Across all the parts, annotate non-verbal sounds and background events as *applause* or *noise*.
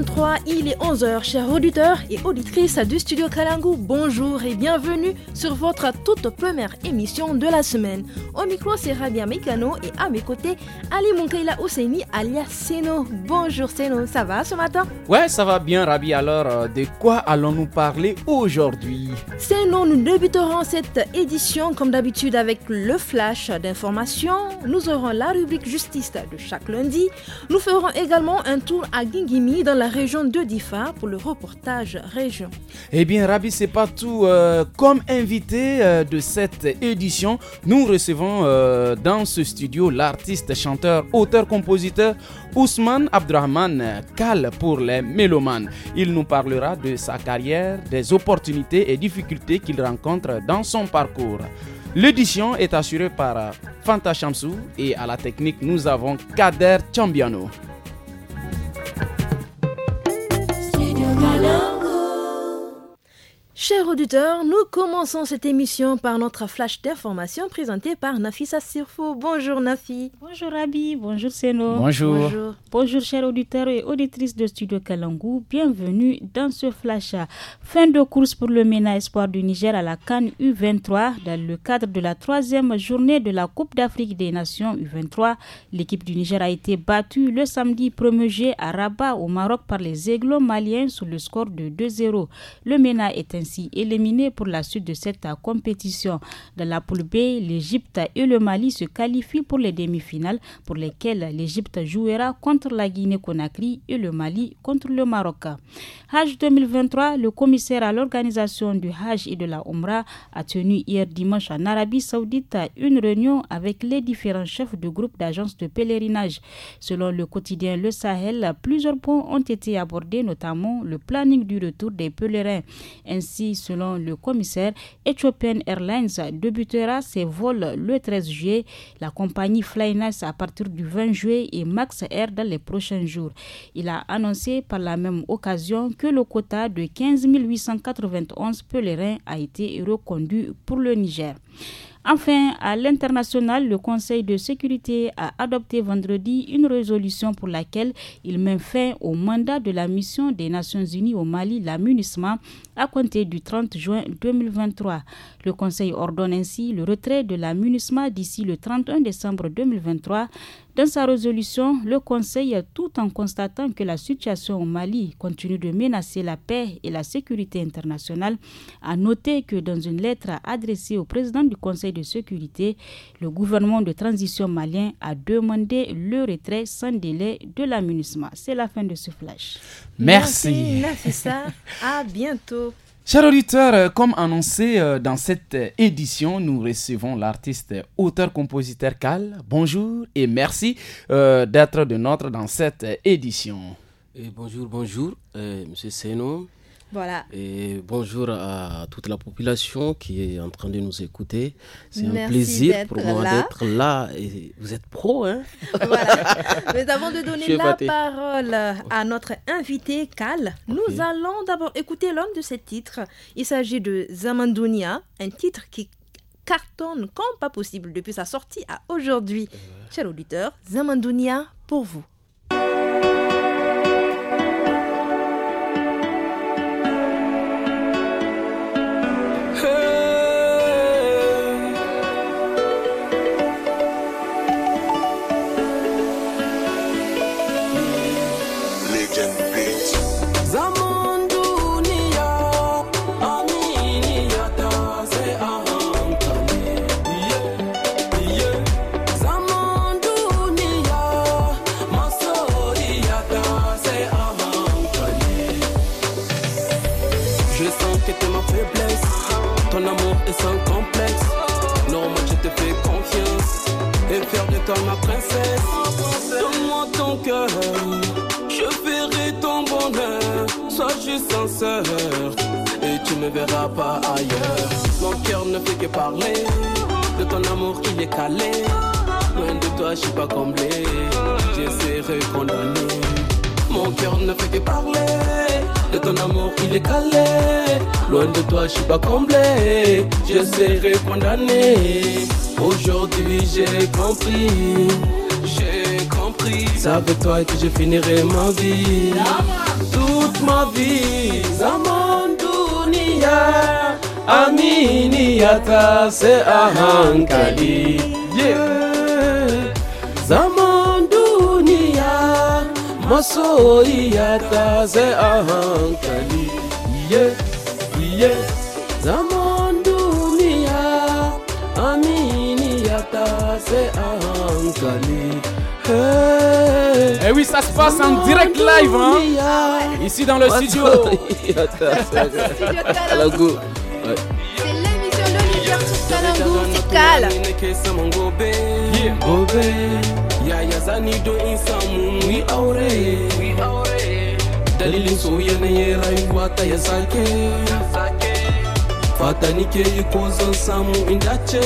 plein il est 11h, chers auditeurs et auditrices du studio Kalangu. Bonjour et bienvenue sur votre toute première émission de la semaine. Au micro, c'est Rabia Mekano et à mes côtés, Ali Munkaila Ousseini alias Seno. Bonjour Seno, ça va ce matin Ouais, ça va bien Rabi, Alors, euh, de quoi allons-nous parler aujourd'hui Seno, nous débuterons cette édition comme d'habitude avec le flash d'informations. Nous aurons la rubrique justice de chaque lundi. Nous ferons également un tour à Gingimi dans la région de Difa pour le reportage région. Eh bien, Rabi, c'est pas tout. Euh, comme invité euh, de cette édition, nous recevons euh, dans ce studio l'artiste, chanteur, auteur, compositeur Ousmane Abdrahman Kal pour les mélomanes. Il nous parlera de sa carrière, des opportunités et difficultés qu'il rencontre dans son parcours. L'édition est assurée par Fanta Chamsou et à la technique, nous avons Kader Chambiano. Chers auditeurs, nous commençons cette émission par notre flash d'information présenté par Nafi Sirfo. Bonjour Nafi. Bonjour Abi, bonjour Seno. Bonjour. bonjour. Bonjour chers auditeurs et auditrices de Studio Kalangu. Bienvenue dans ce flash. Fin de course pour le MENA Espoir du Niger à la Cannes U23. Dans le cadre de la troisième journée de la Coupe d'Afrique des Nations U23, l'équipe du Niger a été battue le samedi 1er juillet à Rabat au Maroc par les Aiglons maliens sous le score de 2-0. Le MENA est un ainsi éliminés pour la suite de cette compétition. Dans la poule B, l'Égypte et le Mali se qualifient pour les demi-finales pour lesquelles l'Égypte jouera contre la Guinée-Conakry et le Mali contre le Maroc. Hajj 2023, le commissaire à l'organisation du Hajj et de la Omra a tenu hier dimanche en Arabie saoudite une réunion avec les différents chefs de groupe d'agences de pèlerinage. Selon le quotidien Le Sahel, plusieurs points ont été abordés, notamment le planning du retour des pèlerins. Ainsi, selon le commissaire, Ethiopian Airlines débutera ses vols le 13 juillet, la compagnie Flynas à partir du 20 juillet et Max Air dans les prochains jours. Il a annoncé par la même occasion que le quota de 15 891 pèlerins a été reconduit pour le Niger. Enfin, à l'international, le Conseil de sécurité a adopté vendredi une résolution pour laquelle il met fin au mandat de la mission des Nations Unies au Mali, la à compter du 30 juin 2023. Le Conseil ordonne ainsi le retrait de la d'ici le 31 décembre 2023 dans sa résolution, le Conseil, tout en constatant que la situation au Mali continue de menacer la paix et la sécurité internationale, a noté que dans une lettre adressée au président du Conseil de sécurité, le gouvernement de transition malien a demandé le retrait sans délai de la C'est la fin de ce flash. Merci. Merci, ça. à bientôt. Chers auditeurs, euh, comme annoncé euh, dans cette euh, édition, nous recevons l'artiste auteur-compositeur Cal. Bonjour et merci d'être de notre dans cette édition. Et bonjour, bonjour, M. Monsieur Seno. Voilà. Et bonjour à toute la population qui est en train de nous écouter. C'est un plaisir pour moi d'être là. Et vous êtes pro, hein Voilà. *laughs* Mais avant de donner la parole à notre invité, Cal, nous allons d'abord écouter l'un de ses titres. Il s'agit de Zamandounia, un titre qui cartonne comme pas possible depuis sa sortie à aujourd'hui. Cher auditeur, Zamandounia pour vous. ma princesse. Donne-moi ton cœur, je verrai ton bonheur. Sois juste sincère et tu me verras pas ailleurs. Mon cœur ne fait que parler de ton amour il est calé. Loin de toi, je suis pas comblé. J'essaierai condamné. Mon cœur ne fait que parler de ton amour, il est calé. Loin de toi, je suis pas comblé. Je serai condamné. Aujourd'hui, j'ai compris. J'ai compris. ça avec toi que je finirai ma vie. Toute ma vie, Zamandunia. Amini C'est se ahankali. Yeah masoyiya ta sai a hankali iye iye zaman niya aminiya ta taze ahankali Et eh oui, ça se passe en direct live, hein Ici dans le studio. *laughs* C'est l'émission de l'univers sur Talango, c'est Yeah. yaya zani don in samu mu aure dalilin soyayya na yi rayuwa ta ya sake fata nike yi ko zan samu in dace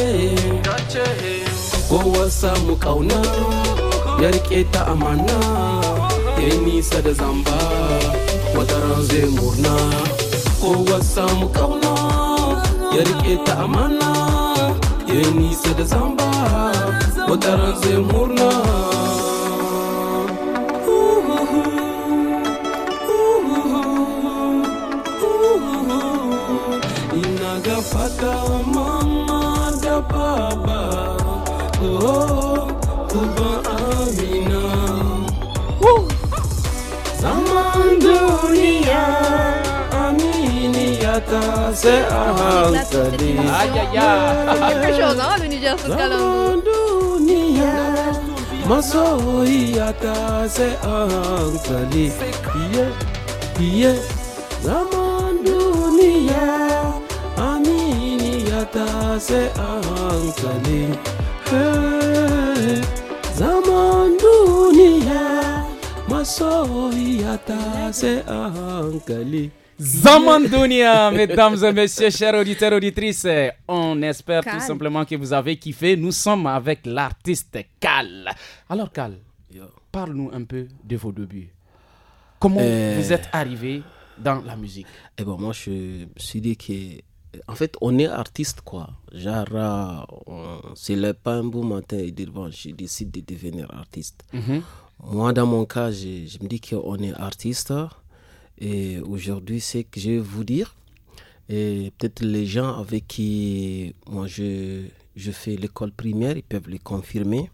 kowa samu kauna ya rike ta amana ya yi nisa da zamba wata ran zai murna kowa samu kauna ya rike ta amana ya nisa da zamba wata ran zai murna ina ga fata mama da baba oh, kuba amina zaman duniya se ahal tadi Ay, ay, ay Perşoğlu döneceğiz bakalım Masohiyata se ahal tadi Ye, ye Zaman dunia Aminiyata se ahal tadi Hey Zaman dunia Masohiyata se ahal tadi Dunia, mesdames et messieurs, chers auditeurs, auditrices, on espère tout simplement que vous avez kiffé. Nous sommes avec l'artiste Cal. Alors Cal, parle-nous un peu de vos débuts. Comment euh. vous êtes arrivé dans la musique Eh ben moi je suis dit que en fait, on est artiste, quoi. Genre, euh, c'est le se pas un beau matin et dire, bon, je décide de devenir artiste. Mhm. Moi, dans mon cas, je, je me dis qu'on est artiste et aujourd'hui, c'est que je vais vous dire, et peut-être les gens avec qui moi je, je fais l'école primaire, ils peuvent le confirmer.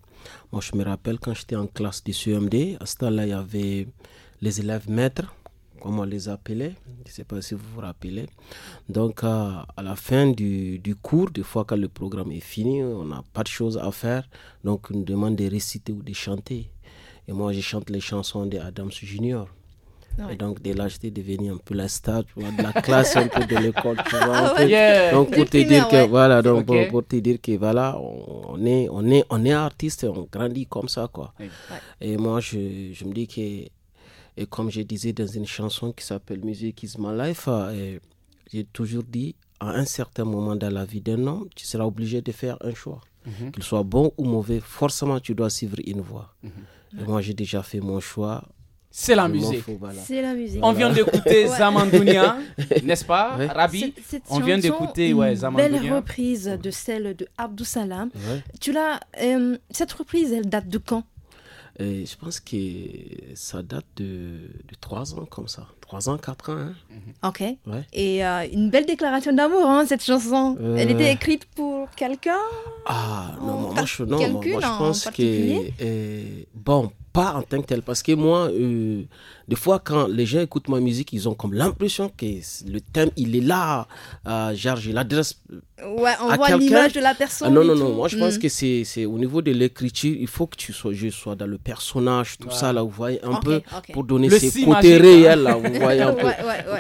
Moi, je me rappelle quand j'étais en classe du CMD, à ce temps-là, il y avait les élèves maîtres, Comment on les appelait. Je ne sais pas si vous vous rappelez. Donc, à, la fin du, du, cours, des fois, quand le programme est fini, on n'a pas de choses à faire. Donc, on nous demande de réciter ou de chanter. Et moi, je chante les chansons de Adams Junior. Et donc, dès là, j'étais devenu un peu la star, de la classe, un peu de l'école, ah Donc, pour te, dire que, voilà, donc, pour, te dire que, voilà, on est, on est, on est artiste, on grandit comme ça, quoi. Et moi, je, je, me dis que, et comme je disais dans une chanson qui s'appelle Music is my life, euh, j'ai toujours dit, à un certain moment dans la vie d'un homme, tu seras obligé de faire un choix. Mhm. Qu'il soit bon ou mauvais, forcément, tu dois suivre une voie. Mhm. Et moi, j'ai déjà fait mon choix c'est la, musique. On vient d'écouter Zamandounia, *laughs* n'est-ce pas, Rabi On vient d'écouter ouais, Zamandounia. Belle reprise de celle de Abdou Salam. Tu l'as. Euh, cette reprise, elle date de quand euh, Je pense que ça date de, de 3 ans comme ça. 3 ans, 4 ans. Hein. Mhm. Ok. Et euh, une belle déclaration d'amour, hein, cette chanson. Elle était écrite pour quelqu'un Ah, non, moi, je, non, moi, je pense que. bon, pas en tant que tel. Parce que moi, euh, des fois, quand les gens écoutent ma musique, ils ont comme l'impression que le thème, il est là. Euh, genre, je l'adresse. Euh, ouais, on voit l'image de la personne. Ah, non, non, non. Moi, je pense mm. que c'est au niveau de l'écriture, il faut que tu sois, je dans le personnage, tout ça, là, vous voyez, un peu, pour donner le ses côtés hein. réels, là, vous *laughs* voyez, un peu.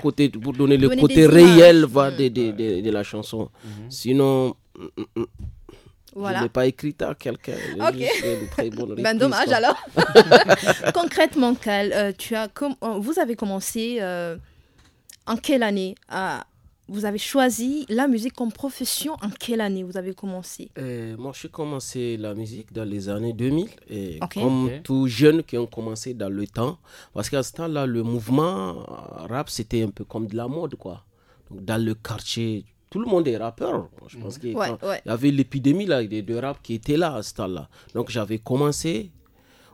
côté, pour donner, le côté réel va, de, de, de, la chanson. Mhm. Sinon. Mm, mm, je n'ai pas écrit à quelqu'un. *laughs* ben dommage alors. *laughs* Concrètement, Cal, euh, tu as euh, vous avez commencé euh, en quelle année à... Vous avez choisi la musique comme profession en quelle année vous avez commencé euh, Moi, j'ai commencé la musique dans les années 2000, et comme tous jeunes qui ont commencé dans le temps. Parce qu'à ce temps-là, le mouvement rap, c'était un peu comme de la mode, quoi. Donc, dans le quartier, tout le monde est rappeur. Je pense mhm. qu'il y avait l'épidémie là, de, rap qui était là à ce stade là Donc j'avais commencé.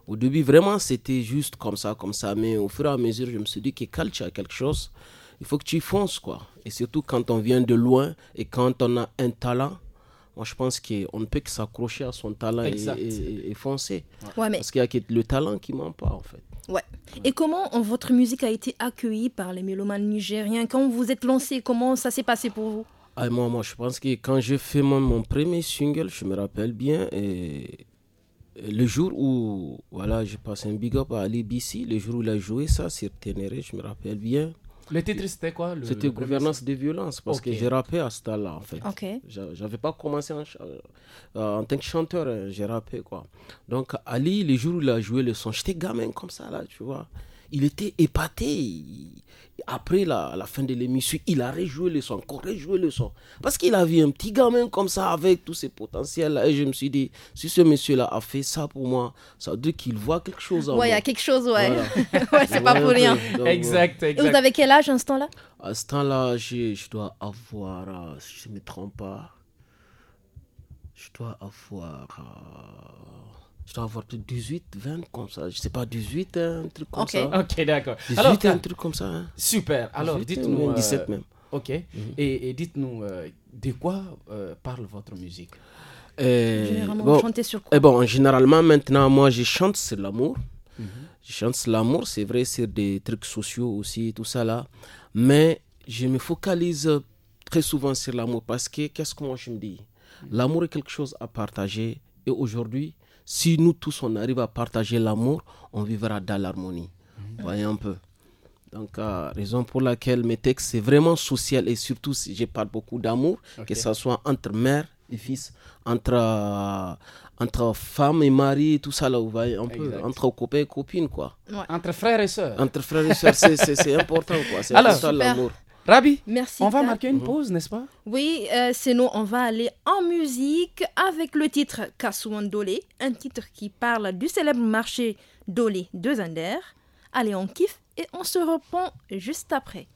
Au début, vraiment, c'était juste comme ça, comme ça. Mais au fur et à mesure, je me suis dit que tu as quelque chose. Il faut que tu fonces, quoi. Et surtout quand on vient de loin et quand on a un talent. Moi, je pense qu'on ne peut que s'accrocher à son talent et, foncer. Parce qu'il y a le talent qui ment pas, en fait. Ouais. Et comment votre musique a été accueillie par les mélomanes nigériens Quand vous vous êtes lancé, comment ça s'est passé pour vous ah, moi, je pense que quand j'ai fait mon, premier single, je me rappelle bien, et le jour où voilà, j'ai passé un big up à Ali BC, le jour où il a joué ça sur Ténéré, je me rappelle bien. Le titre, c'était quoi C'était Gouvernance des violences, parce que j'ai rappé à ce stade là en fait. J'avais pas commencé en, euh, euh, en, tant que chanteur, hein, j'ai rappé, quoi. Donc, Ali, le jour où il a joué le son, j'étais gamin comme ça, là, tu vois il était épaté. Après la, fin de l'émission, il a rejoué le son, encore rejoué le son. Parce qu'il a vu un petit gamin comme ça avec tous ses potentiels Et je me suis dit, si ce monsieur-là a fait ça pour moi, ça veut dire qu'il voit quelque chose il y a quelque chose, ouais. *laughs* ouais, c'est pas pour rien. exact, exact. vous avez quel âge à ce temps-là À ce temps-là, je, dois avoir, euh, si je ne me trompe pas, je dois avoir. Euh, je dois avoir 18, 20, comme ça. Je sais pas, 18, un truc comme ça. Ok, d'accord. 18, un truc comme ça. Super. Alors, dites-nous. 17 euh, même. Ok. Mhm. Et, dites-nous, euh, de quoi euh, parle votre musique euh, Généralement, bon, sur quoi eh bon, Généralement, maintenant, moi, je chante sur l'amour. Mhm. Je chante sur l'amour, c'est vrai, sur des trucs sociaux aussi, tout ça là. Mais je me focalise très souvent sur l'amour parce que, qu'est-ce que moi je me dis L'amour est quelque chose à partager. Et aujourd'hui, si nous tous, on arrive à partager l'amour, on vivra dans l'harmonie. Voyez un peu. Donc, euh, raison pour laquelle mes textes, c'est vraiment social et surtout, si je parle beaucoup d'amour, que ce soit entre mère et fils, entre, euh, entre femme et mari, tout ça là, vous voyez, un peu, entre copains et copines, quoi. Entre frères et sœurs. Entre frères et sœurs, c'est important, quoi. C'est ça l'amour. Rabi, Merci on va marquer une mhm. pause, n'est-ce pas Oui, euh, sinon on va aller en musique avec le titre Kassouan un titre qui parle du célèbre marché Dole de Zander. Allez, on kiffe et on se reprend juste après.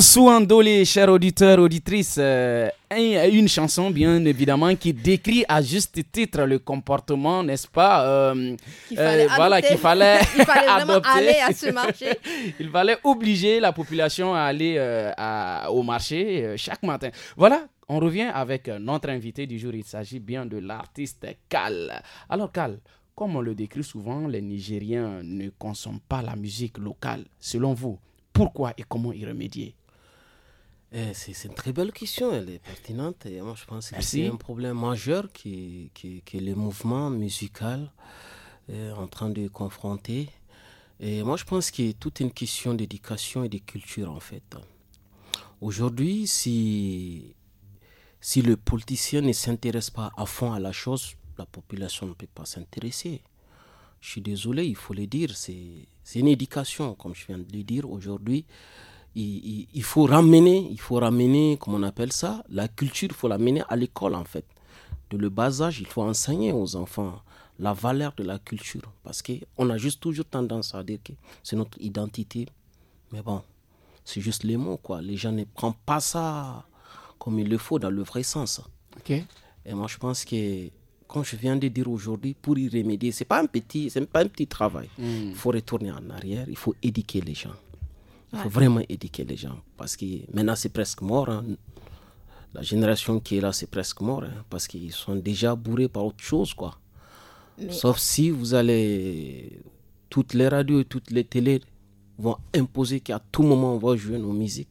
Souvent, Andolé, chers auditeurs, auditrices, euh, une chanson bien évidemment qui décrit à juste titre le comportement, n'est-ce pas Voilà, euh, qu'il fallait, euh, *laughs* Il fallait adopter. aller à ce marché. *laughs* Il fallait obliger la population à aller au marché chaque matin. Voilà, on revient avec notre invité du jour. Il s'agit bien de l'artiste Cal. Alors Cal, comme on le décrit souvent, les Nigériens ne consomment pas la musique locale. Selon vous, pourquoi et comment y remédier eh, c'est une très belle question, elle est pertinente et moi je pense que c'est un problème majeur qui, est le mouvement musical est eh, en train de confronter. Et moi je pense que a toute une question d'éducation et de culture en fait. Aujourd'hui, si, si le politicien ne s'intéresse pas à fond à la chose, la population ne peut pas s'intéresser. Je suis désolé, il faut le dire, c'est une éducation, comme je viens de le dire aujourd'hui il, faut ramener, il faut ramener, comment on appelle ça, la culture, il faut mener à l'école en fait. De le bas âge, il faut enseigner aux enfants la valeur de la culture. Parce qu'on a juste toujours tendance à dire que c'est notre identité. Mais bon, c'est juste les mots, quoi. Les gens ne prennent pas ça comme il le faut dans le vrai sens. ok Et moi, je pense que, comme je viens de dire aujourd'hui, pour y remédier, ce n'est pas, un petit, pas un petit travail. Hmm. Il faut retourner en arrière, il faut éduquer les gens il faut vraiment éduquer les gens. Parce que maintenant, c'est presque mort. Hein. La génération qui est là, c'est presque mort. Hein, parce qu'ils sont déjà bourrés par autre chose. quoi. Sauf si vous allez. Toutes les radios et toutes les télés vont imposer qu'à tout moment, on va jouer nos musiques.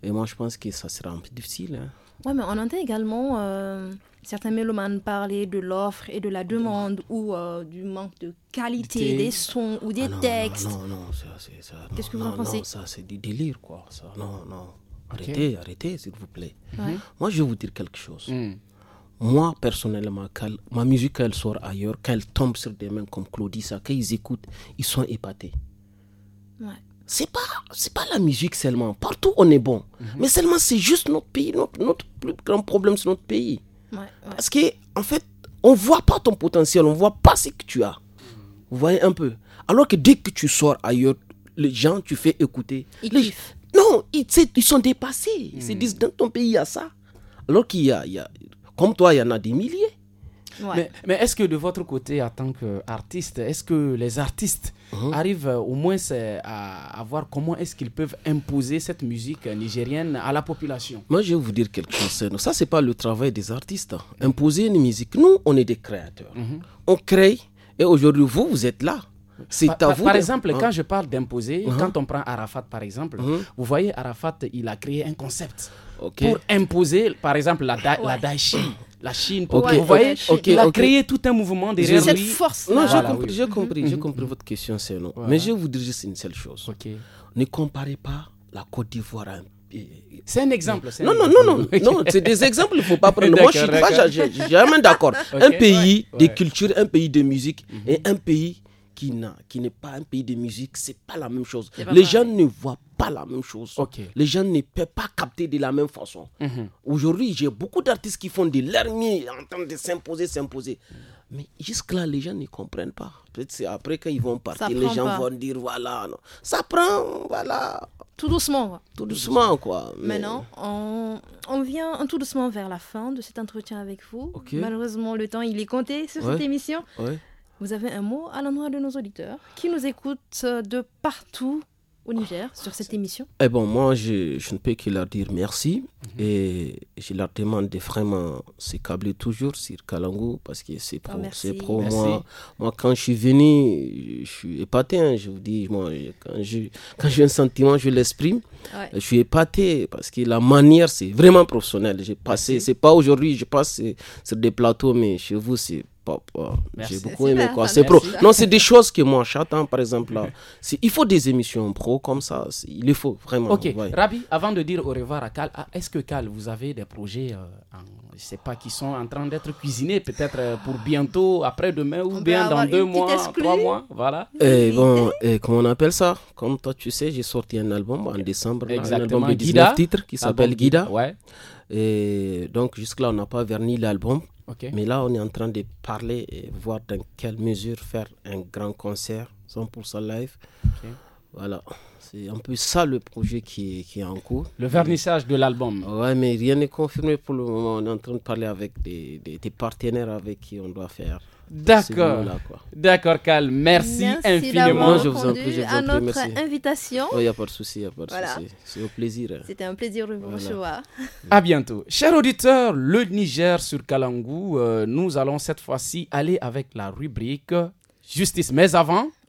Et moi, je pense que ça sera un peu difficile. Hein. Ouais Oui, mais on entend également. Euh, certains mélomanes parlaient de l'offre et de la demande ou euh, du manque de qualité des, sons ou des ah textes. Non, non, c'est ça. Qu'est-ce que vous en pensez non, Ça, c'est du délire, quoi. Ça. Non, non. Arrêtez, arrêtez, s'il vous plaît. Moi, je vais vous dire quelque chose. Hmm. Moi, personnellement, ma musique, elle sort ailleurs, quand elle tombe sur des mains comme Claudie, ça, quand écoutent, ils sont épatés. Ouais c'est pas c'est pas la musique seulement partout on est bon mhm. mais seulement c'est juste notre pays notre plus grand problème c'est notre pays parce que, en fait, on voit pas ton potentiel, on voit pas ce que tu as. Vous voyez un peu. Alors que dès que tu sors ailleurs, les gens, tu fais écouter. Non, ils, ils, sont dépassés. Ils se hmm. disent, dans ton pays, il y a ça. Alors qu'il y a, comme toi, il y en a des milliers. Mais, est-ce que de votre côté, en tant qu'artiste, est-ce que les artistes uh-huh. arrivent euh, au moins à, à voir comment est-ce qu'ils peuvent imposer cette musique nigérienne à la population Moi, je vais vous dire quelque chose. Ça, c'est pas le travail des artistes. Hein. Imposer une musique. Nous, on est des créateurs. Mm-hmm. On crée. Et aujourd'hui, vous, vous êtes là. C'est à vous. par, exemple, hein? quand je parle d'imposer, uh-huh. quand on prend Arafat par exemple, uh-huh. vous voyez Arafat, il a créé un concept pour imposer, par exemple, la, da *coughs* la Chine, pour okay, vous voyez, il a créé tout un mouvement derrière cette force. Non, voilà, j'ai compris, j'ai mhm. compris, votre question, c'est non. Mais je vais vous dire juste une seule chose. Ne comparez pas la Côte d'Ivoire à un c'est un exemple. Non, non, non, non, non, c'est des exemples, il ne faut pas prendre. Moi, je suis pas, jamais d'accord. Un pays de culture, un pays de musique mhm. et un pays qui, qui n'est pas un pays de musique, c'est pas la même chose. Les gens ne voient pas la même chose. Les gens ne peuvent pas capter de la même façon. Mhm. Aujourd'hui, j'ai beaucoup d'artistes qui font de l'armée en train de s'imposer, s'imposer. Mais jusque-là, les gens ne comprennent pas. Peut-être c'est après qu'ils vont partir, les gens vont dire voilà, ça prend, voilà. Tout doucement. Tout doucement, quoi. Maintenant, on, on vient tout doucement vers la fin de cet entretien avec vous. Malheureusement, le temps, il est compté sur cette émission. Ouais vous avez un mot à l'endroit de nos auditeurs qui nous écoutent de partout au Niger ah, sur cette émission Eh bon, moi, je, ne peux que leur dire merci mhm. et je leur demande de vraiment se câbler toujours sur Kalango parce que c'est ah, pour Moi, moi, quand je suis venu, je suis épaté, hein. je vous dis, moi, quand j'ai quand un sentiment, je l'exprime. Je suis épaté parce que la manière, c'est vraiment professionnel. J'ai passé, c'est pas aujourd'hui, je passe sur des plateaux, mais chez vous, c'est euh, j'ai beaucoup aimé quoi. C'est pro. Non, c'est des choses que moi j'attends, par exemple. Là. Il faut des émissions pro comme ça. Il le faut vraiment. Ok, Rabi, avant de dire au revoir à Cal, ah, est-ce que Cal, vous avez des projets euh, en en je sais pas, qui sont en train d'être cuisinés peut-être euh, pour bientôt, après-demain ou bien dans deux mois, trois mois. Voilà. Et eh, bon, et eh, comment on appelle ça Comme toi, tu sais, j'ai sorti un album en décembre, un album de 19 titres qui s'appelle Guida. Ouais. Et donc, jusque-là, on n'a pas verni l'album. Mais là, on est en train de parler et voir dans quelle mesure faire un grand concert 100% live. Voilà. C'est un peu ça le projet qui est, en cours. Le vernissage de l'album. Ouais, mais rien n'est confirmé pour le moment. On est en train de parler avec des, partenaires avec qui on doit faire. D'accord. D'accord, Cal. Merci, infiniment. Je vous en prie, je vous à notre invitation. invitation. Il n'y a pas de souci, pas de souci. C'est au plaisir. C'était un plaisir de vous mm. À bientôt. Chers auditeurs, le Niger sur Kalangou, euh, nous allons cette fois-ci aller avec la rubrique Justice. Mais avant,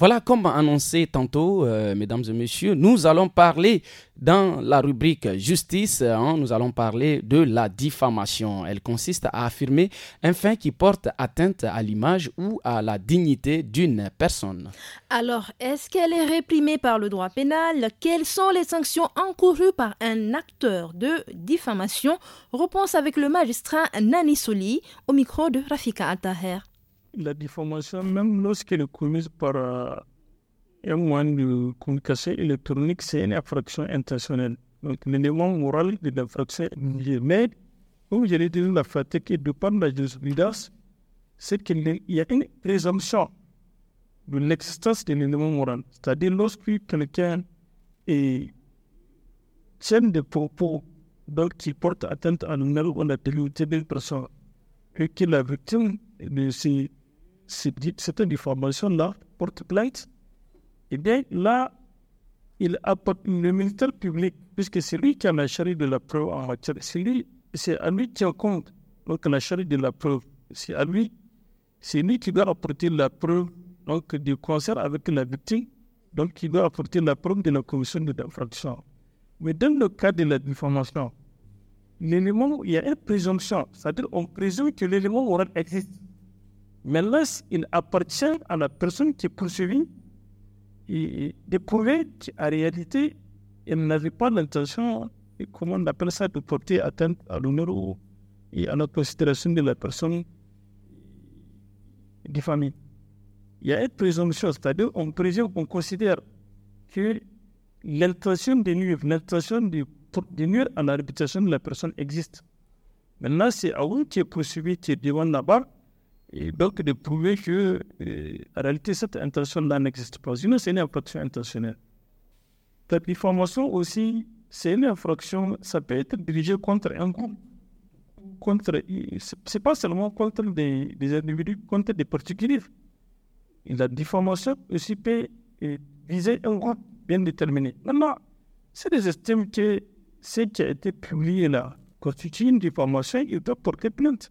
Voilà, comme annoncé tantôt, euh, mesdames et messieurs, nous allons parler dans la rubrique justice, hein, nous allons parler de la diffamation. Elle consiste à affirmer un fait qui porte atteinte à l'image ou à la dignité d'une personne. Alors, est-ce qu'elle est réprimée par le droit pénal Quelles sont les sanctions encourues par un acteur de diffamation Réponse avec le magistrat Nani Soli au micro de Rafika Attaher la déformation, même lorsqu'elle est commise par euh, un moyen de communication électronique, c'est une infraction intentionnelle. Donc, l'élément moral de l'infraction est lié. Mais, comme je dit, la fatigue et de prendre la jurisprudence, c'est qu'il y a une présomption de l'existence de l'élément moral. C'est-à-dire, lorsque quelqu'un tient des propos donc, qui portent atteinte à l'honneur ou à la dignité d'une personne, et que la victime de ces cette information-là porte plainte, eh bien là, il apporte le ministère public, puisque c'est lui qui a la charge de la preuve en c'est lui, qui en compte, donc la de la preuve, c'est à lui, c'est lui qui doit apporter la preuve, donc du concert avec la victime, donc il doit apporter la preuve de la commission de l'infraction. Mais dans le cas de la diffamation, il y a une présomption, c'est-à-dire on présume que l'élément moral existé. Maintenant, il appartient à la personne qui est poursuivie prouver qu'en réalité, elle n'avait pas l'intention, comment on appelle ça, de porter atteinte à l'honneur et à la considération de la personne diffamée. Il y a une présomption, c'est-à-dire on considère que l'intention de nuire, l'intention de, de, nuire à la réputation de la personne existe. Maintenant, c'est à vous qui est poursuivi, qui est devant la barre, et donc, de prouver que, euh, en réalité, cette intention-là n'existe pas. Sinon, c'est une infraction intentionnelle. La diffamation aussi, c'est une infraction, ça peut être dirigé contre un groupe. Contre, c'est pas seulement contre des, individus, contre des particuliers. la diffamation aussi peut euh, viser un groupe bien déterminé. Maintenant, c'est des estimes que ce qui a été publié là constitue une diffamation, il doit porter plainte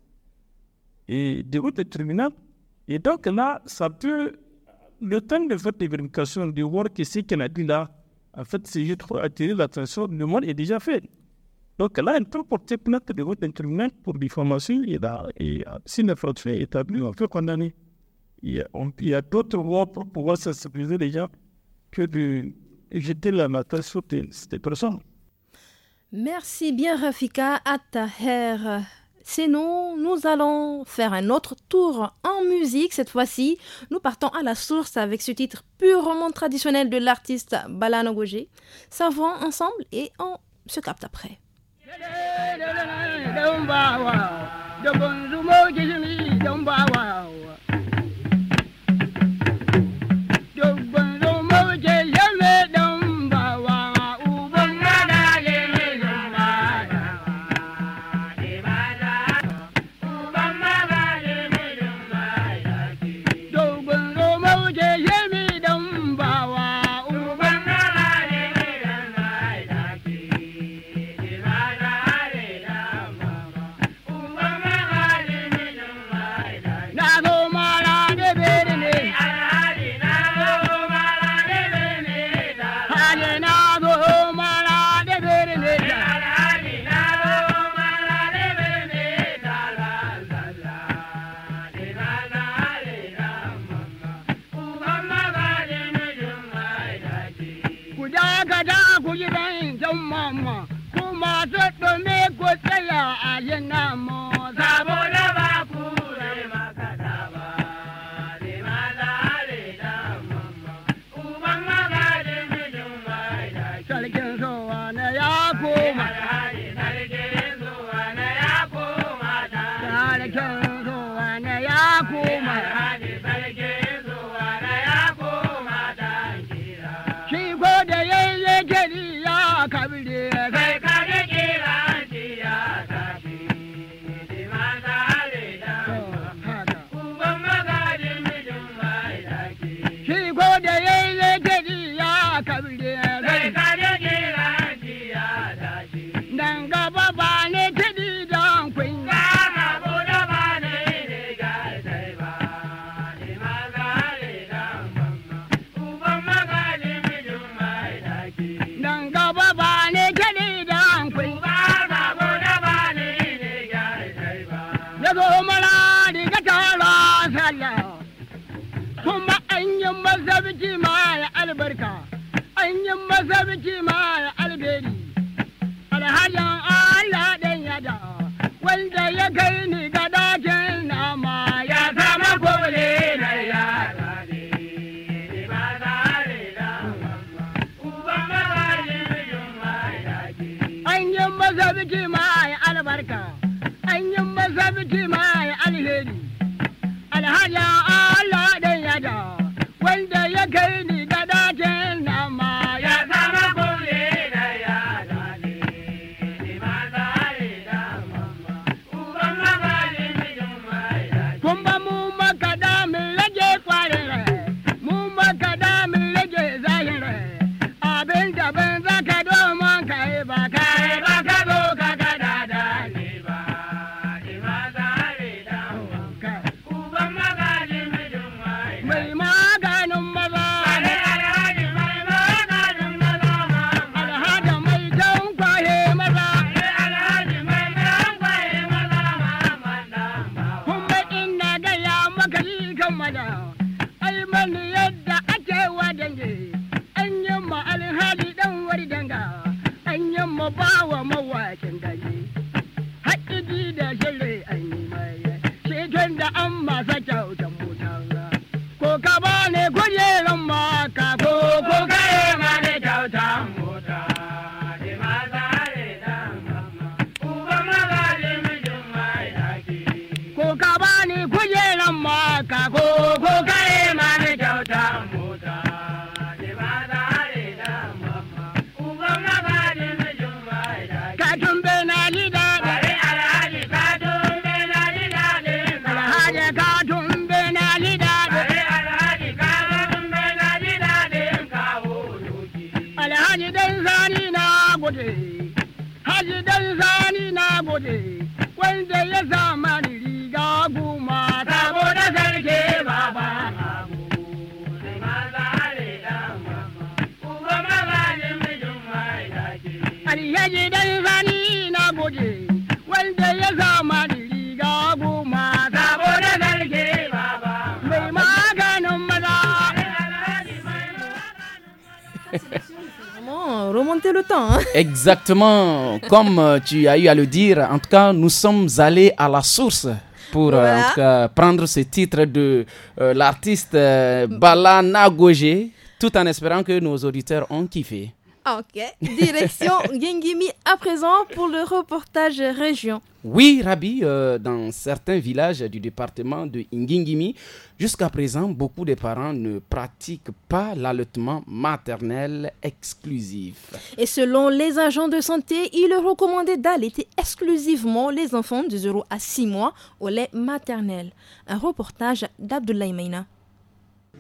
et de haute Et donc là, ça peut, le temps de faire des vérifications, de voir que ce qu'on a dit là, en fait, c'est j'ai trop attiré l'attention, le monde est déjà fait. Donc là, elle peut porter plainte de haute terminale pour diffamation et, et si le fraude fait établi, on peut condamner. Il y a, d'autres voies pour pouvoir sensibiliser déjà que de jeter la matière sur ces personnes. Merci bien, Rafika Attaher. Sinon, nous allons faire un autre tour en musique cette fois-ci. Nous partons à la source avec ce titre purement traditionnel de l'artiste Balano Savons ensemble et on se capte après. kudi wanda ya zama le temps. Hein. Exactement, comme euh, tu as eu à le dire, en tout cas, nous sommes allés à la source pour euh, prendre ce titre de euh, l'artiste bala Balana tout en espérant que nos auditeurs ont kiffé. Ok. Direction *laughs* Gengimi à présent pour le reportage région. Oui, Rabi, euh, dans certains villages du département de Ngingimi, jusqu'à présent, beaucoup de parents ne pratiquent pas l'allaitement maternel exclusif. Et selon les agents de santé, il est recommandé d'allaiter exclusivement les enfants de 0 à 6 mois au lait maternel. Un reportage d'Abdoulaye Meina.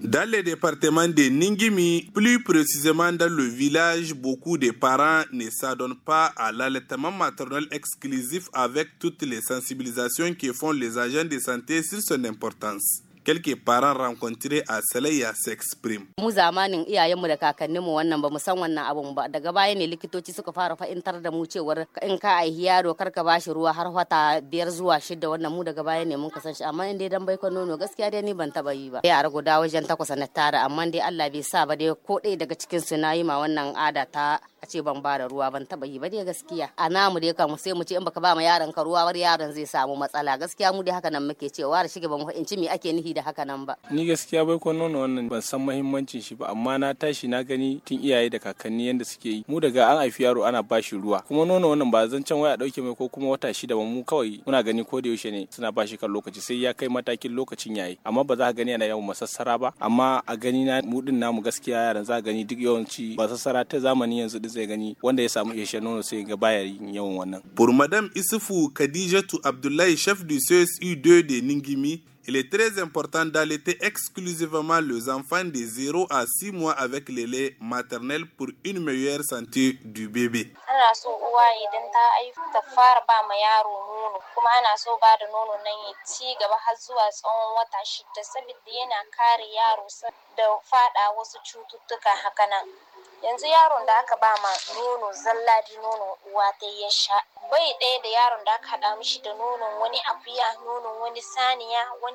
Dans le département de Ningimi, plus précisément dans le village, beaucoup de parents ne s'adonnent pas à l'allaitement maternel exclusif avec toutes les sensibilisations que font les agents de santé sur son importance. faran parents a salayya Salaya prim. Mu zamanin iyayenmu da kakanninmu wannan ba mu san wannan abun ba. Daga baya ne likitoci suka fara fa'intar da mu cewar in ka aihi yaro kar ka bashi ruwa har wata biyar zuwa shida wannan mu daga baya ne mun kasan shi amma in dai dan baikon nono gaskiya dai ni ban taba yi ba. Yara guda wajen takwas na tara amma dai Allah bai sa ba dai ko ɗaya daga cikin su na yi ma wannan ada ta a ce ban ba da ruwa ban taba yi ba dai gaskiya. A namu dai mu sai mu ce in baka ba ma yaron ka ruwa war yaron zai samu matsala gaskiya mu dai haka nan muke cewa da shige mu fahimci me ake nihi da haka nan ba ni gaskiya bai ko nono wannan ban san mahimmancin shi ba amma na tashi na gani tun iyaye da kakanni yanda suke yi mu daga an haifi yaro ana bashi ruwa kuma nono wannan ba zan can waya dauke mai ko kuma wata shida ba mu kawai muna gani ko da yaushe ne suna bashi kan lokaci sai ya kai matakin lokacin yayi amma ba za ka gani yana yawan masassara ba amma a gani na mu din namu gaskiya yaran za gani duk yawanci masassara ta zamani yanzu din zai gani wanda ya samu yashe nono sai ga baya yin yawan wannan. Pour Madame Isufu Khadijatu Abdullahi Chef du CSU 2 de Ningimi Il est très important d'allaiter exclusivement les enfants de 0 à 6 mois avec les lait maternels pour une meilleure santé du bébé.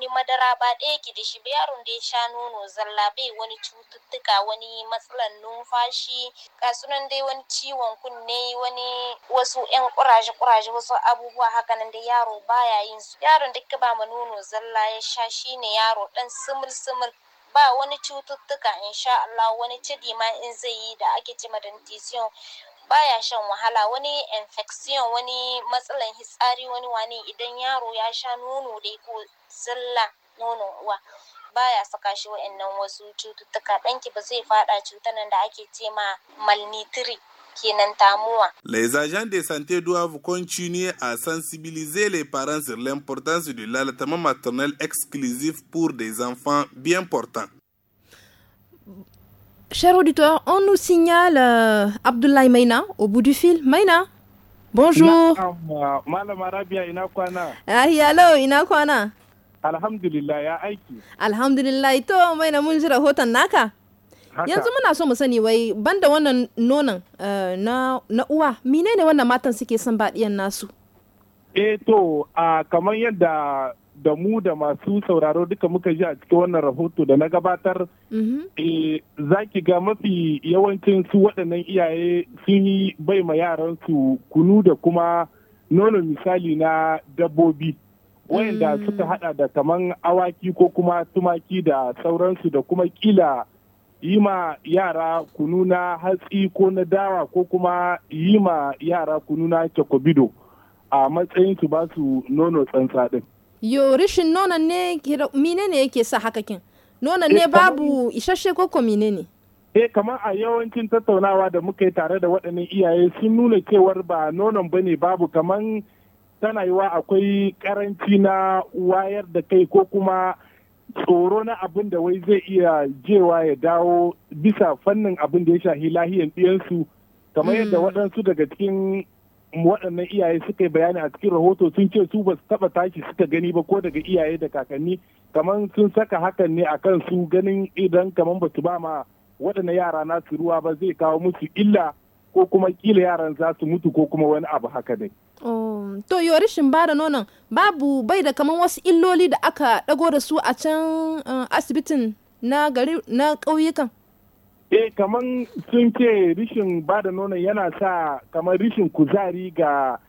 wani madara ba ɗaya ki da shi ba yaron da ya sha nono zalla bai wani cututtuka wani matsalan numfashi sunan dai wani ciwon kunne wani wasu yan kuraje kuraje wasu abubuwa haka nan da yaro baya yin su yaron da ka ba ma nono zalla ya sha shine yaro dan sumul sumul ba wani cututtuka insha Allah wani cidi ma in zai yi da ake ce ma dentition baya shan wahala wani infection wani matsalan hitsari wani wani idan yaro ya sha nono dai ko zilla nono uwa baya saka shi wa'annan wasu cututtuka danki ba zai fada cutar da ake ce ma kenan tamuwa. Les agents de santé doivent continuer à sensibiliser les parents sur l'importance du l'allaitement maternel exclusif pour des enfants bien portants. Cher auditeur, on nous signale euh, Abdoulaye Maina au bout du fil. Maina, bonjour. Euh, Ahiyalo, inakwana. Alhamdulillah, ya aiki. Alhamdulillah, ito Maina mun ji naka. Yanzu muna so mu sani wai banda wannan nonon eh, na, na uwa, menene wannan matan suke son baɗiyan nasu? Eh to, kamar yadda da mu da masu sauraro duka muka ji a cikin wannan rahoto da na gabatar mm-hmm. eh, za ki ga mafi yawancin su waɗannan iyaye sun yi bai ma yaransu kunu da kuma nono misali na dabbobi wayanda mm. suka hada da kaman awaki ko kuma tumaki da sauransu da kuma kila yi ma yara kunu na hatsi ko na dawa ko kuma yi ma yara kunu na kekobido a matsayin su ba su nono tsantsa din. yo rishin nonon ne mine ne yake sa haka kin nonon ne eh, babu isasshe koko mine ne eh kamar a yawancin tattaunawa da muka yi tare da waɗannan iyaye sun nuna cewar ba nonon ba ne babu kamar tana yiwa akwai karanci na wayar da kai ko kuma tsoro na abin da wai zai iya jewa ya dawo bisa fannin abin da ya shahi lahiyan ɗiyansu kamar yadda mm. waɗansu daga cikin waɗannan iyaye suka yi bayani a cikin rahoto sun ce su ba su taɓa tashi suka gani ba ko daga iyaye da kakanni kamar sun saka hakan ne a kan su ganin idan kamar ba su ba ma waɗannan yara na su ruwa ba zai kawo musu illa ko kuma kila yaran za su mutu ko kuma wani abu haka dai. Oh, to yau rashin ba nonon babu bai da kamar wasu illoli da aka ɗago da su a can eh, asibitin na gari na ƙauyukan. eh kaman sun ce rishin ba da nonon yana sa kamar rishin kuzari ga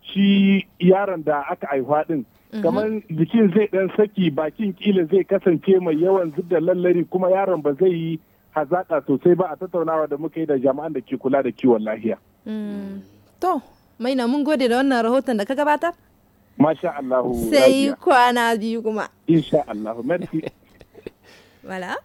shi yaron da aka haihuwa din mhm. kamar jikin zai dan saki bakin kila zai kasance mai yawan zub da lallari kuma yaron ba zai yi hazaƙa sosai ba a tattaunawa da muka yi da jama'an da ke kula da kiwon lafiya. Hmm. to mai mun gode da wannan rahoton da ka gabatar masha Allah sai kwana biyu kuma insha Allah merci wala *laughs*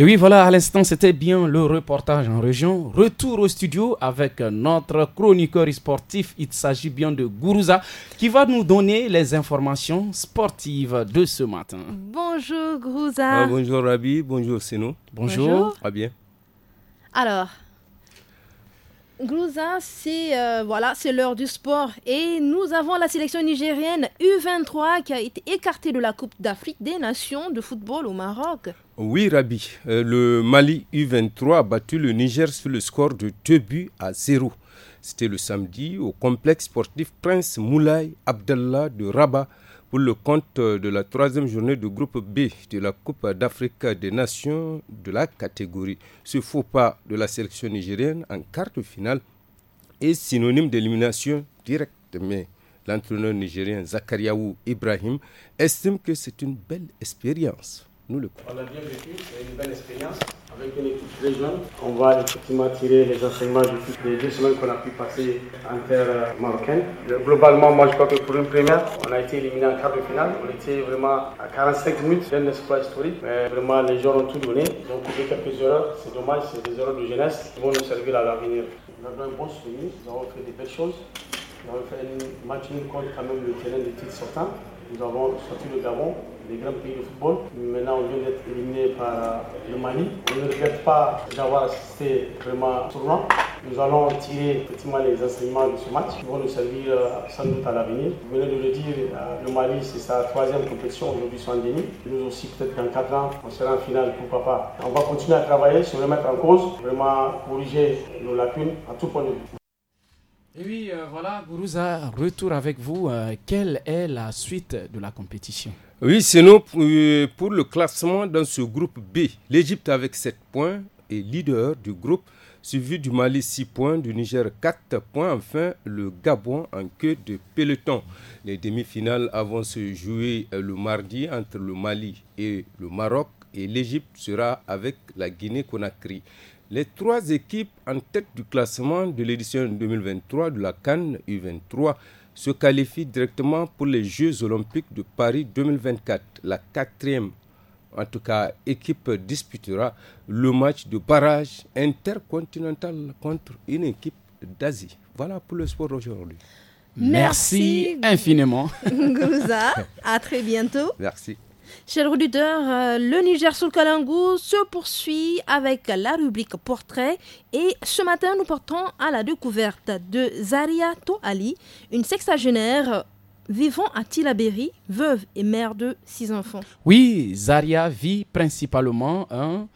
Et oui, voilà, à l'instant, c'était bien le reportage en région. Retour au studio avec notre chroniqueur sportif. Il s'agit bien de Gourouza qui va nous donner les informations sportives de ce matin. Bonjour Gourouza. Ah, bonjour Rabi, bonjour Sino. Bonjour. bonjour. Ah, Alors, Gourouza, c'est euh, voilà, c'est l'heure du sport et nous avons la sélection nigérienne U23 qui a été écartée de la Coupe d'Afrique des Nations de football au Maroc. Oui, Rabi. Euh, le Mali U23 a battu le Niger sur le score de 2 buts à 0. C'était le samedi au complexe sportif Prince Moulay Abdallah de Rabat pour le compte euh, de la troisième journée du groupe B de la Coupe d'Afrique des Nations de la catégorie. Ce faux pas de la sélection nigérienne en quart de finale est synonyme d'élimination directe. Mais l'entraîneur nigérien Zakariaou Ibrahim estime que c'est une belle expérience. On a bien vécu, c'est une belle expérience. Avec une équipe très jeune, on va effectivement tirer les enseignements de toutes les deux semaines qu'on a pu passer en terre euh, marocaine. Euh, globalement, moi je crois que pour une première, on a été éliminé en quart de finale. On était vraiment à 45 minutes d'un espoir historique. Mais vraiment, les gens ont tout donné. Donc, ont a quelques erreurs. C'est dommage, c'est des erreurs de jeunesse qui vont nous servir à l'avenir. Nous avons un bon souvenir, nous avons fait des belles choses. Nous avons fait un match contre quand même le terrain des titres sortants. Nous avons sorti le Gabon, les grands pays de football. Maintenant, on vient d'être éliminé par le Mali. On ne regrette pas d'avoir assisté vraiment tournoi. Nous allons tirer les enseignements de ce match qui vont nous servir euh, sans doute à l'avenir. Vous venez de le dire, euh, le Mali, c'est sa troisième compétition aujourd'hui sans déni. Nous aussi, peut-être dans 4 ans, on sera en finale, pourquoi pas. On va continuer à travailler, se remettre en cause, vraiment corriger nos lacunes à tout point de vue. Et oui, euh, voilà, Gourouza, retour avec vous. Euh, quelle est la suite de la compétition Oui, c'est nous euh, pour le classement dans ce groupe B, l'Égypte avec 7 points est leader du groupe, suivi du Mali 6 points, du Niger 4 points, enfin le Gabon en queue de peloton. Les demi-finales vont se jouer le mardi entre le Mali et le Maroc et l'Égypte sera avec la Guinée-Conakry. Les trois équipes en tête du classement de l'édition 2023 de la Cannes U23 se qualifient directement pour les Jeux olympiques de Paris 2024. La quatrième, en tout cas, équipe disputera le match de barrage intercontinental contre une équipe d'Asie. Voilà pour le sport aujourd'hui. Merci, infiniment. Gouza, *laughs* à très bientôt. Merci. Chers auditeurs, euh, le Niger sur Kalangu se poursuit avec la rubrique portrait et ce matin nous portons à la découverte de Zaria Toali, une sexagénaire vivant à Tilaberi, veuve et mère de six enfants. Oui, Zaria vit principalement un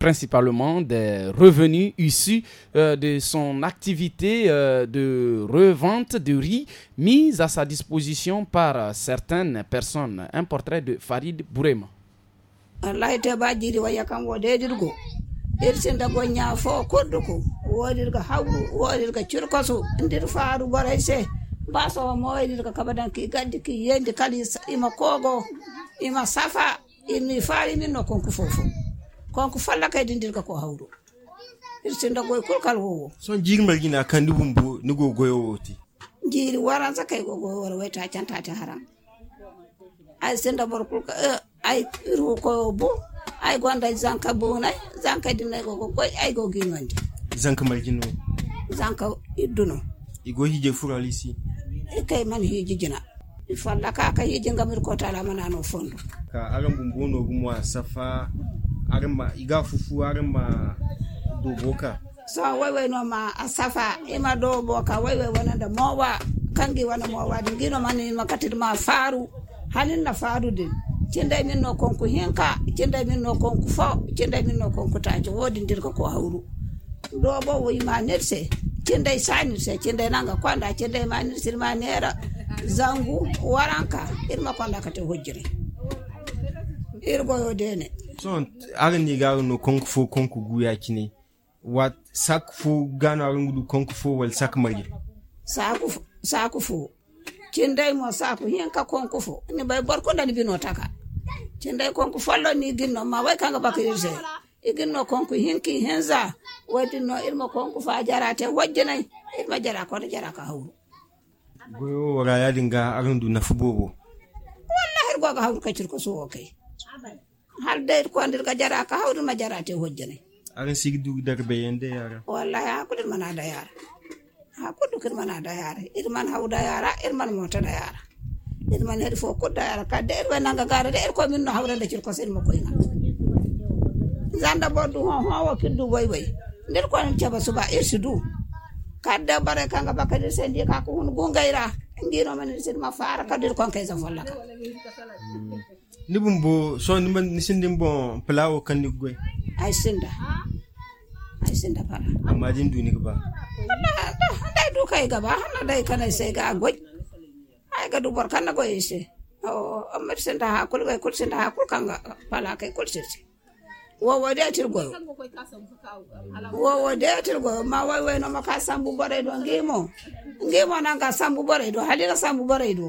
principalement des revenus issus euh, de son activité euh, de revente de riz mis à sa disposition par certaines personnes. Un portrait de Farid Bourema. irsin da gonya fo kurduku wodir ga hawu wodir ga curkosu ndir faru boray se baso mo wodir ga kabadan ki gaddi ki yendi kali ima kogo ima safa imi fari konku fofo kanko falla kaydi din ka ko hawru irsinda goy kulkal so son jirmargi na kan dubun bo ni gogoyowo woti jiri waran sa kai gogoyo wara wayta ta haram ay sinda bor kulka eh, ay ru ko bo ay gonda zanka bo nay zanka dinay gogo koy ay go ginonde zanka margino zanka iduno. igo hije furalisi kay man hije jina falla ka ka hije ngamir ko tala manano fondo ka alam bumbono gumwa safa arma iga fufu arma doboka so wewe noma asafa ima doboka wewe wananda mowa kangi wana mowa dingino mani makatiri ma faru hanin na faru din cindai min no konku hinka cindai min no konku fo cindai min no konku tajo wodi ndir ko hawru do bo wo ima netse cinda sani se cinda nanga kwanda cindai ma ni sirma nera zangu waranka irma kwanda kate hojjire irgo yo dene so aran ne garan no kong fo konku ya kine wat sak fo gano aran du kong fo wal sak mari saku sak fo cin dai mo saku hin ka kong fo ni bai barko da ni bino taka cin dai fo lo ni ginno ma wai kanga baka yirse iginno ki hinki za wati no jara a fa jarate wajjanai irma jara ko jara ka hu goyo wara yadinga aran du na fubobo wallahi ka hawru ka ko so kai halde ko andir ka jara ka hawdu ma te hojjane ara sigdu darbe yende yara wallahi ha kudir mana da yara ha kudu kir mana da yara irman hawda yara irman mota da yara irman hedi fo da yara der irwe nanga gara der ko min no hawra da ko sen mo koyna zanda bodu ho ho wa kiddu boy boy der ko an chaba suba irsidu da bare kanga bakadir sen di ka ko hun gungaira ndiro man sen ma fara kadir kon kay za ka ni bumbo so ni ban ni sindin bon plawo kan ni gwe ai sinda ai sinda ba amma jin duni ba da du kai gaba hana dai kana sai ga gwe ai ga du barkan na gwe shi o amma sinda ha kul ga kul sinda ha kul kan ga pala kai kul shi wo wo de tir gwe wo wo de tir gwe ma wai wai no maka sambu bore do ngimo ngimo nan ga sambu bore do halila sambu bore do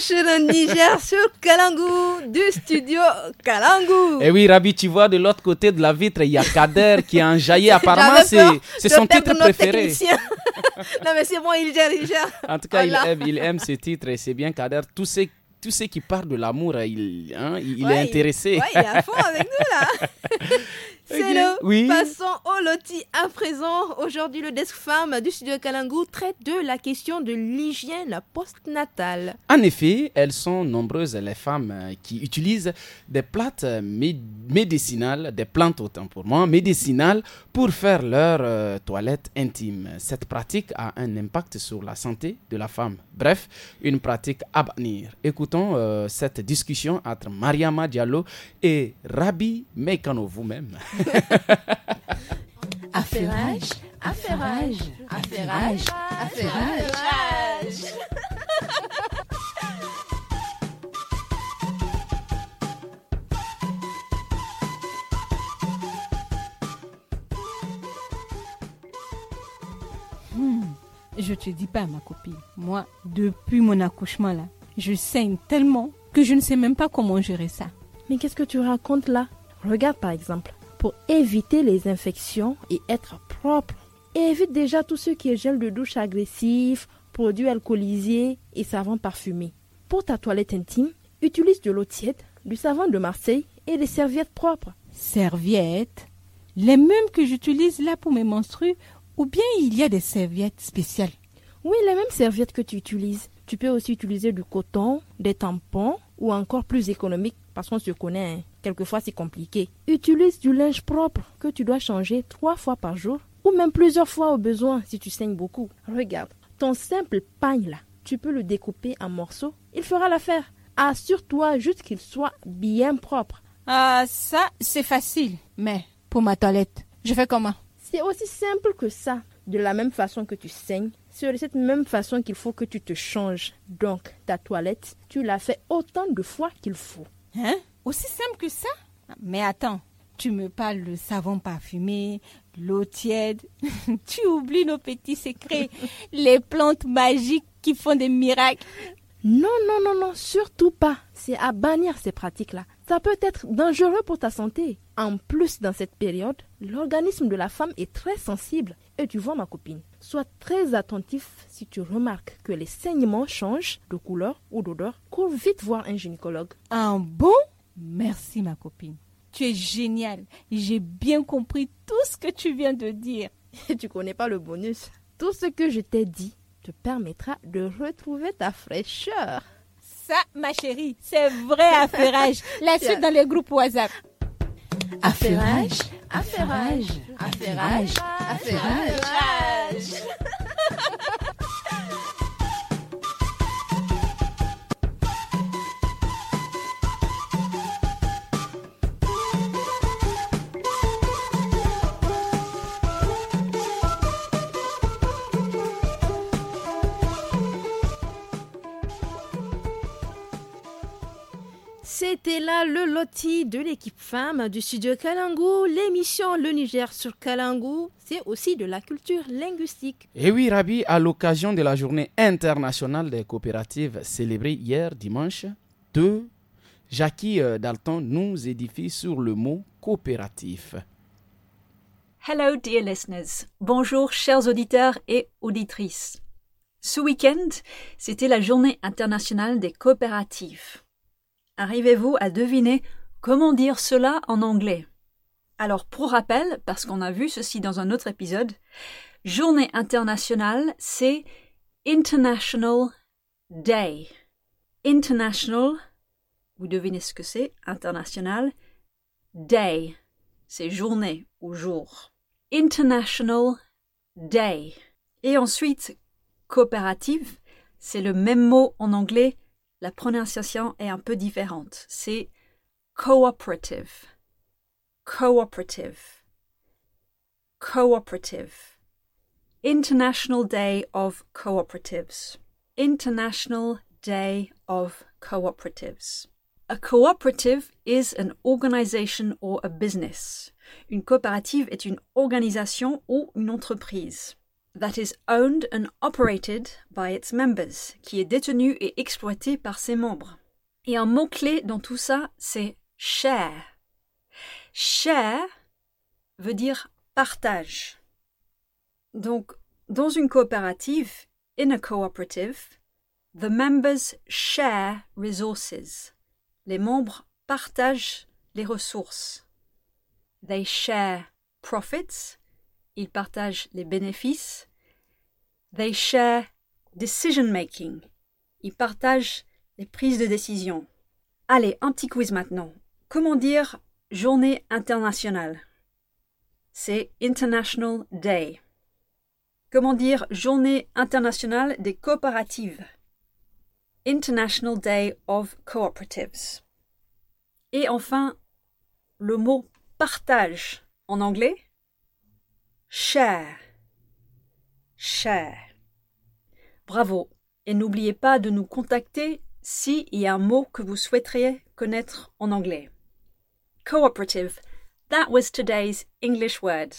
sur le Niger sur Kalangu, du studio Kalangu. Et eh oui, Rabi, tu vois, de l'autre côté de la vitre, il y a Kader qui a un *laughs* Apparemment, c'est son titre préféré. *laughs* non, mais c'est bon, il gère, il gère. En tout cas, il, aime, il aime ce titre et c'est bien Kader. Tous ceux tout ce qui parle de l'amour, il, hein, il, est intéressé. Il, il est à fond avec nous là. *laughs* Passons au loti à présent. Aujourd'hui, le desk femme du studio Kalangu traite de la question de l'hygiène postnatale. En effet, elles sont nombreuses les femmes euh, qui utilisent des plantes médicinales, des plantes autant pour moi, médicinales pour faire leur euh, toilette intime. Cette pratique a un impact sur la santé de la femme. Bref, une pratique à bannir. Écoutons euh, cette discussion entre Mariama Diallo et Rabi Meikano, vous-même. *laughs* Affairage, affairage, affairage, affairage. *laughs* Hmm, je te dis pas, ma copine. Moi, depuis mon accouchement là, je saigne tellement que je ne sais même pas comment gérer ça. Mais qu'est-ce que tu racontes là Regarde par exemple, pour éviter les infections et être propre. Évite déjà tout ce qui est gel de douche agressif, produits alcoolisés et savon parfumé. Pour ta toilette intime, utilise de l'eau tiède, du savon de Marseille et des serviettes propres. Serviettes Les mêmes que j'utilise là pour mes menstrues ou bien il y a des serviettes spéciales Oui, les mêmes serviettes que tu utilises. Tu peux aussi utiliser du coton, des tampons ou encore plus économique parce qu'on se connaît. Hein. Quelquefois, c'est compliqué. Utilise du linge propre que tu dois changer trois fois par jour ou même plusieurs fois au besoin si tu saignes beaucoup. Regarde, ton simple pagne là, tu peux le découper en morceaux. Il fera l'affaire. Assure-toi juste qu'il soit bien propre. Ah, ça, c'est facile. Mais pour ma toilette, je fais comment C'est aussi simple que ça. De la même façon que tu saignes, c'est de cette même façon qu'il faut que tu te changes. Donc, ta toilette, tu la fais autant de fois qu'il faut. Hein aussi simple que ça Mais attends, tu me parles de savon parfumé, l'eau tiède, *laughs* tu oublies nos petits secrets, *laughs* les plantes magiques qui font des miracles. Non, non, non, non, surtout pas. C'est à bannir ces pratiques-là. Ça peut être dangereux pour ta santé. En plus, dans cette période, l'organisme de la femme est très sensible. Et tu vois, ma copine, sois très attentif si tu remarques que les saignements changent de couleur ou d'odeur. Cours vite voir un gynécologue. Un ah bon Merci ma copine. Tu es géniale. J'ai bien compris tout ce que tu viens de dire. tu connais pas le bonus. Tout ce que je t'ai dit te permettra de retrouver ta fraîcheur. Ça, ma chérie, c'est vrai affairage. *laughs* La suite dans les groupes WhatsApp. Affaire Affaire Affaire C'était là le loti de l'équipe femme du studio Kalangu. L'émission Le Niger sur Kalangu, c'est aussi de la culture linguistique. Et oui, Rabi, à l'occasion de la journée internationale des coopératives célébrée hier dimanche 2, Jackie euh, Dalton nous édifie sur le mot coopératif. Hello, dear listeners. Bonjour, chers auditeurs et auditrices. Ce week-end, c'était la journée internationale des coopératives. Arrivez-vous à deviner comment dire cela en anglais Alors pour rappel, parce qu'on a vu ceci dans un autre épisode, journée internationale, c'est International Day. International, vous devinez ce que c'est, international, day, c'est journée ou jour. International Day. Et ensuite, coopérative, c'est le même mot en anglais la prononciation est un peu différente. C'est cooperative, cooperative, cooperative. International Day of Cooperatives. International Day of Cooperatives. A cooperative is an organization or a business. Une coopérative est une organisation ou une entreprise that is owned and operated by its members, qui est détenu et exploité par ses membres. Et un mot-clé dans tout ça, c'est share. Share veut dire partage. Donc, dans une coopérative, in a cooperative, the members share resources. Les membres partagent les ressources. They share profits, ils partagent les bénéfices. They share decision making. Ils partagent les prises de décision. Allez, un petit quiz maintenant. Comment dire journée internationale C'est International Day. Comment dire journée internationale des coopératives International Day of Cooperatives. Et enfin, le mot partage en anglais Cher. Cher. Bravo. Et n'oubliez pas de nous contacter si il y a un mot que vous souhaiteriez connaître en anglais. Cooperative. That was today's English word.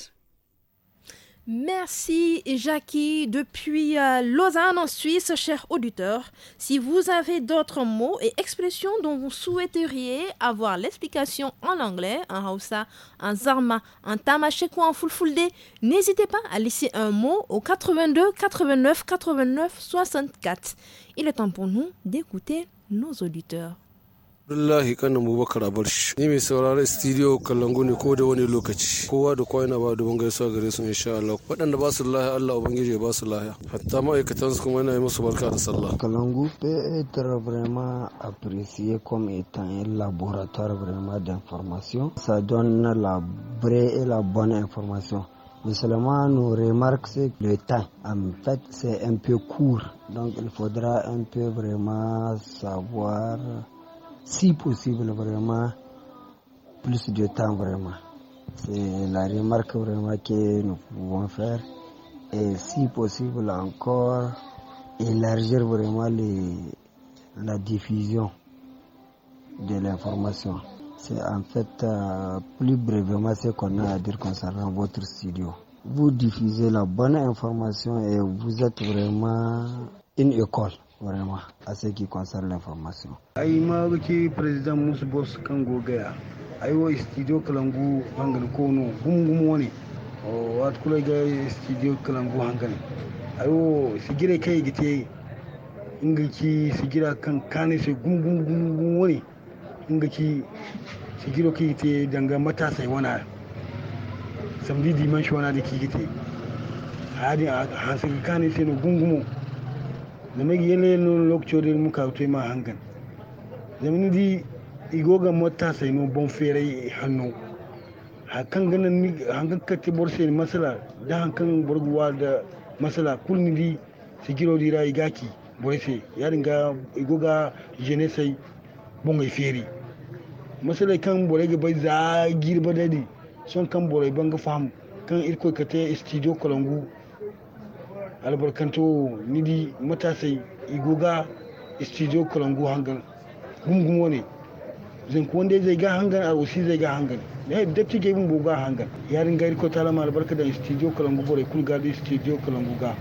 Merci Jackie depuis euh, Lausanne en Suisse, chers auditeurs. Si vous avez d'autres mots et expressions dont vous souhaiteriez avoir l'explication en anglais, en Hausa, en Zarma, en Tamashek ou en Fulfulde, n'hésitez pas à laisser un mot au 82 89 89 64. Il est temps pour nous d'écouter nos auditeurs. Abdullahi kan Abubakar Abarshi. Ni mai sauraron studio Kalangu ne ko da wani lokaci. Kowa da kowa yana ba da su gare su insha Allah. Waɗanda ba su lahiya Allah ubangiji ya ba su lahiya. Hatta ma'aikatan su kuma yana yi musu barka da sallah. Kalangu pe être vraiment apprécié comme étant un laboratoire vraiment d'information. Ça donne la vraie et la bonne information. Mais seulement nous remarque c'est le temps. En fait, c'est un peu court. Donc il faudra un peu vraiment savoir si possible vraiment, plus de temps vraiment. C'est la remarque vraiment que nous pouvons faire. Et si possible encore, élargir vraiment les, la diffusion de l'information. C'est en fait euh, plus brièvement ce qu'on a à dire concernant votre studio. Vous diffusez la bonne information et vous êtes vraiment in a école vraiment à ce qui concerne l'information. ma maruke president musu boss kan gogaya ai wo studio kalangu hangal kono gumgum woni o wat kula ga studio kalangu hangal ai wo sigire kai gite ki sigira kan kane sai gumgum gumgum woni ingaki sigiro kai gite danga matasa wana samdi dimanshi wana da kigite hadi a hasil kane sai no gungumo zamagi yele no lokcodel mu kawtoy ma hangan zamani di igoga sai no bon feere hannu hakan ganin ni hankan kati borse masala da hankan borguwa da masala kulni di sigiro di rai gaki borse ya ringa igoga jenesai bon ai e fere masala kan borege bai za girba dadi son kan borai e banga fam kan irko kate studio kolongu albarkanto nidi matasai igoga studio kalangu hangan gungumo ne zan wanda zai ga hangan a osi zai ga hangan ne dafti ga ibin goga hangan yarin gari ko talama albarka da studio kulangu bore kul ga studio kalangu ga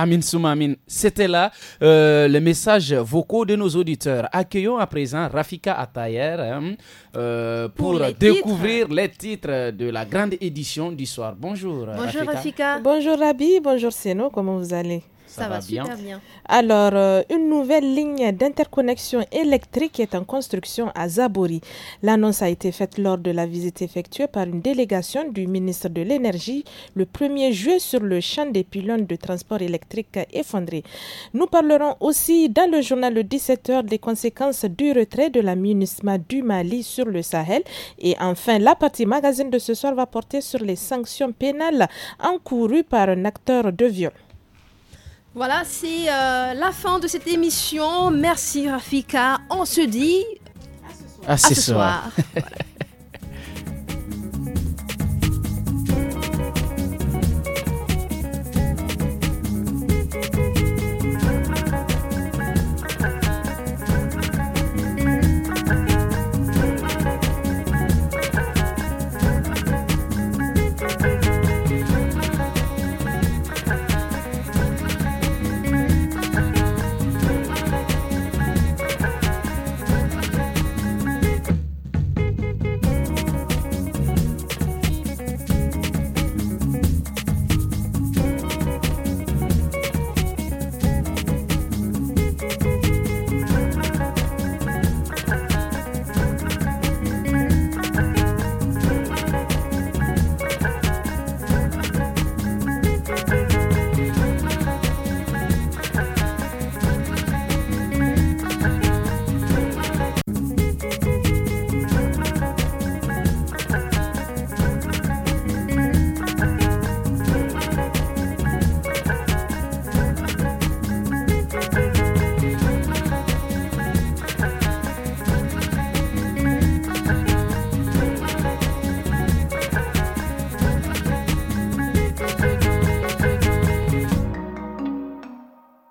Amin Soumamine, c'était là euh, le message vocaux de nos auditeurs. Accueillons à présent Rafika Atayer hein, euh, pour, découvrir les titres de la grande édition du soir. Bonjour. Bonjour Rafika. Rafika. Bonjour Rabi, bonjour Seno, comment vous allez ça, va, Alors, euh, une nouvelle ligne d'interconnexion électrique est en construction à Zabori. L'annonce a été faite lors de la visite effectuée par une délégation du ministre de l'Énergie le 1er juillet sur le champ des pylônes de transport électrique effondrés. Nous parlerons aussi dans le journal Le 17h des conséquences du retrait de la MINUSMA du Mali sur le Sahel. Et enfin, la partie magazine de ce soir va porter sur les sanctions pénales encourues par un acteur de viol. Voilà, c'est euh, la fin de cette émission. Merci Rafika. On se dit à ce soir. *laughs*